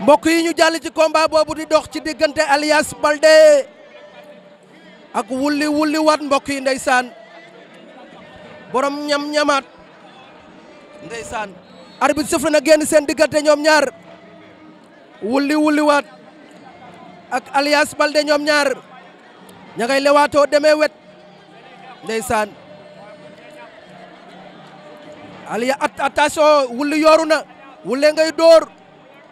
mbokk yi ñu jàll ci combat boobu di dox ci diggante Alias Baldé ak wulli wulli waat mbokk yi ndey saan borom ñam ñamaat ndeysaan arbitre sufle na génn seen diggante ñoom ñaar wulli wulli waat ak Alias Baldé ñoom ñaar ña ngay lewaatoo demee wet ndeysaan aliya attention wulli yooru na wulle ngay dóor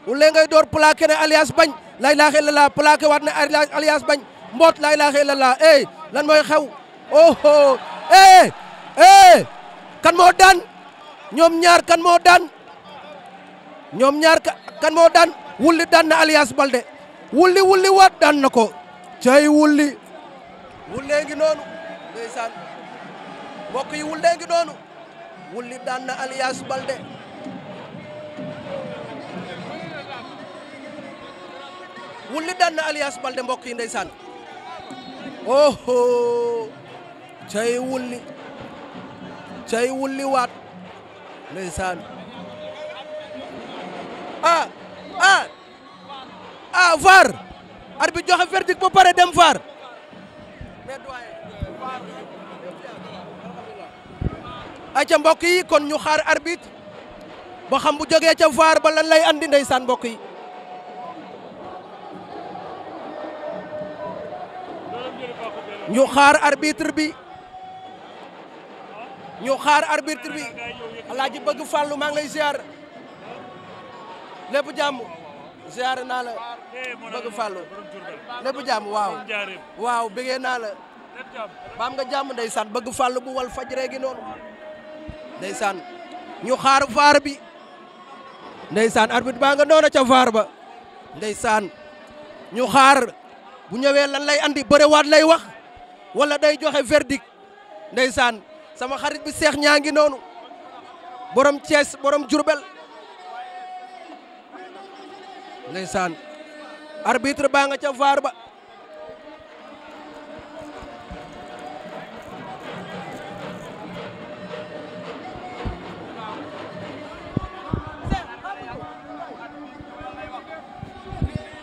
wule ngay door plaqué ne alliance bañ la ilaha illallah plaqué waat ne alliance bañ mboot la ilaha illallah eh, lan mooy xew oho eh eh kan moo daan ñoom ñaar kan moo daan ñoom ñaar kan moo daan wulli daan na alliance balde wulli wulli waat daan na ko cay wulli wullee ngi noonu ndeysaan mbokk yi ngi noonu wulli daan na alliance balde wulli daan na Alliance Baldé mbokk yi ndeysaan oho cay wulli cay wulli waat ndeysaan ah ah ah VAR arbitre joxe verdict ba pare dem VAR aca mbokk yi kon ñu xaar arbitre ba xam bu jógee ca VAR ba lan lay andi ndeysaan mbokk yi ñu xaar arbitre bi ñu xaar arbitre bi alaaji bëgg fàllu maa ngi lay ziar lépp jàmm ziar naa la bëgg fàllu lépp jàmm waaw waaw bëggee naa la baam nga jàmm ndeysaan bëgg fàllu bu wal fajree gi noonu ndeysaan ñu xaar vaar bi ndeysaan arbitre baa nga noona ca vaar ba saan ñu xaar bu ñëwee lan lay andi bëre waat lay wax wala day joxe verdict ndeysaan sama xarit bi seex ñaa ngi noonu borom Thiès borom Diourbel ndeysaan arbitre baa nga ca vaar ba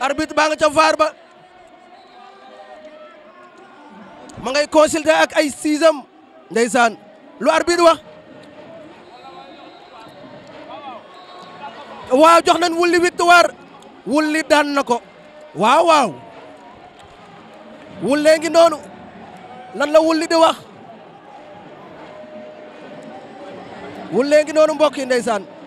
arbitre baa nga ca vaar ba ma ngay consulter ak ay siisam ndeysaan lu arbitre wax waaw jox nañ wulli victoire wulli daan na ko waaw waaw wullee ngi noonu lan la wulli di wax wullee ngi noonu mbokk yi ndeysaan